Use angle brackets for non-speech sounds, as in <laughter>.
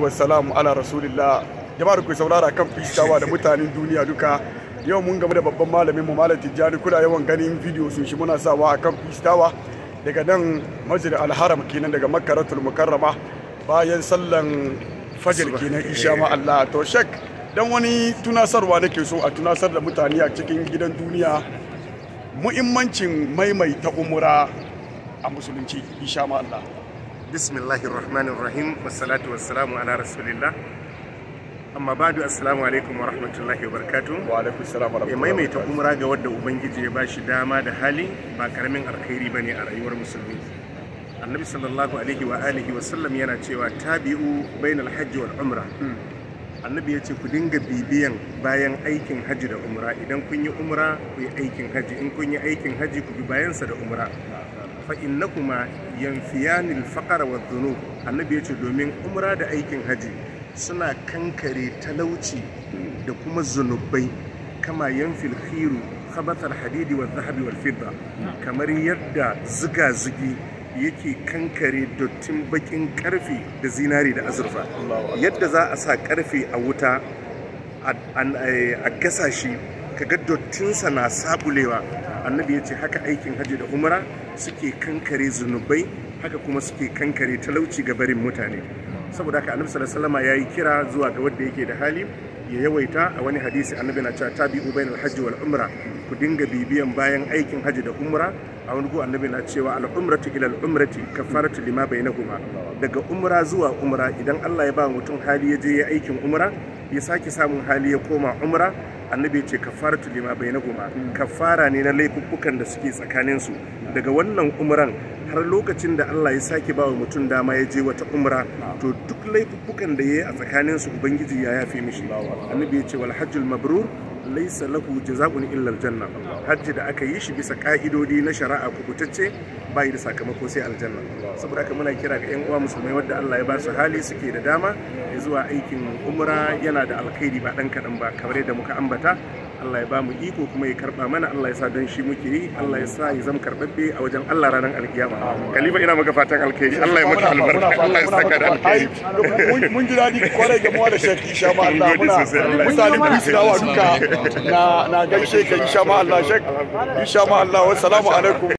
wassalamu ala rasulillah jama'ar ku saurara kan fiskawa da mutanen duniya duka yau mun game da babban malamin mu malam tijjani kuna yawan ganin bidiyo sun shi muna sawa kan fiskawa daga nan masjid alharam kenan daga makkaratul mukarrama bayan sallan fajr kenan isha ma Allah to shek dan wani tunasarwa nake so a tunasar da mutane a cikin gidan duniya muhimmancin maimaita umura a musulunci insha Allah bismillahir rahmanir rahim wassalatu wassalamu ala rasulillah amma badu assalamu alaikum wa rahmatullahi wa barakatuh wa alaikum assalam eh, wa maimaita umra ga wanda ubangiji ya bashi dama da hali ba karamin alkhairi bane a rayuwar musulmi annabi sallallahu alaihi wa alihi wa sallam yana cewa tabi'u bainal hajji wal umra hmm. annabi ya ce ku dinga bibiyan bayan aikin haji da umra idan kun yi umra ku yi aikin haji in kun yi aikin haji ku bi bayansa da umra fa innakuma yanfiyani al wa dhunub annabi ya ce domin umra da aikin haji suna kankare talauci da kuma zunubai kama yanfil khiru khabathal hadidi wa dhahabi wal fidda kamar yadda zuga-zugi. yake kankare dottin bakin karfe da zinari da azurfa yadda za a sa karfe a wuta a eh, gasa shi kaga dottinsa na sabulewa annabi ya ce haka aikin hajji da umara suke kankare zunubai haka kuma suke kankare talauci ga barin mutane saboda haka annabi sallallahu ya yi kira zuwa ga wanda yake da hali ya yawaita a wani hadisi annabi na cewa tabi'u bainal hajji wal umra ku dinga bibiyan bayan aikin hajji da umra a wani gu annabi na cewa al'umratu ila al'umrati kafaratu lima bainahuma daga umra zuwa umra idan Allah ya ba mutum hali ya je ya aikin umra ya sake samun hali ya koma umra annabi ce kafaratu lima bainahuma kafara ne na laifukan da suke tsakanin su daga wannan umran har lokacin da Allah ya sake ba mutum dama ya je wata umra to duk laifukan da yayi a tsakanin su ubangiji ya yafe mishi annabi ya ce wal hajjul mabrur laisa lahu jaza'un illa aljanna hajji da aka yi shi bisa ka'idodi na shari'a kubutacce bai da sakamako sai aljanna saboda haka muna kira ga yan uwa musulmai wanda Allah ya ba su hali suke da dama mai zuwa aikin umra yana da alkhairi ba dan kadan ba kamar yadda muka ambata Allah ya ba mu iko kuma ya karba mana Allah ya sa don shi muke yi Allah ya sa ya zama karbabbe a wajen Allah ranar alkiyama kalifa ina maka fatan alkhairi Allah ya maka albarka Allah ya saka da alkhairi mun ji dadi kwarai gamuwa da Sheikh insha <laughs> ma Allah muna mutane ku su dawa duka na na gaishe ka insha ma Allah shek. insha ma Allah salamu alaikum